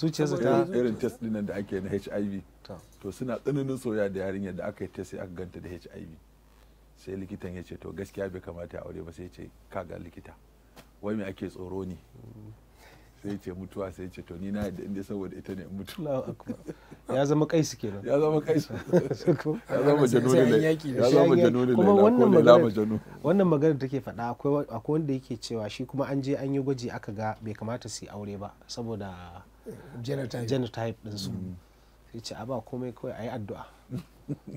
zuciyarsa ta irin test din da ake na HIV to suna tsananin soyayya da yarinyar da aka yi test sai aka ganta da HIV sai likitan ya ce to gaskiya bai kamata aure ba sai ya ce "Ka ga likita wai me ake tsoro ne mm. sai ya ce mutuwa sai ya ce to ni na yadda inda saboda ita ne mutu ya zama kaisu kenan ya zama kaisu ya zama januni ne ya zama januni ne kuma wannan magana wannan maganar take faɗa akwai wanda yake cewa shi kuma an je an yi gwaji aka ga bai kamata su yi aure ba saboda genotype din su mm. sai ce a ba komai kawai a yi addu'a